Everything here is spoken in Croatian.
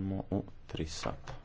nastavljamo u 3 sata.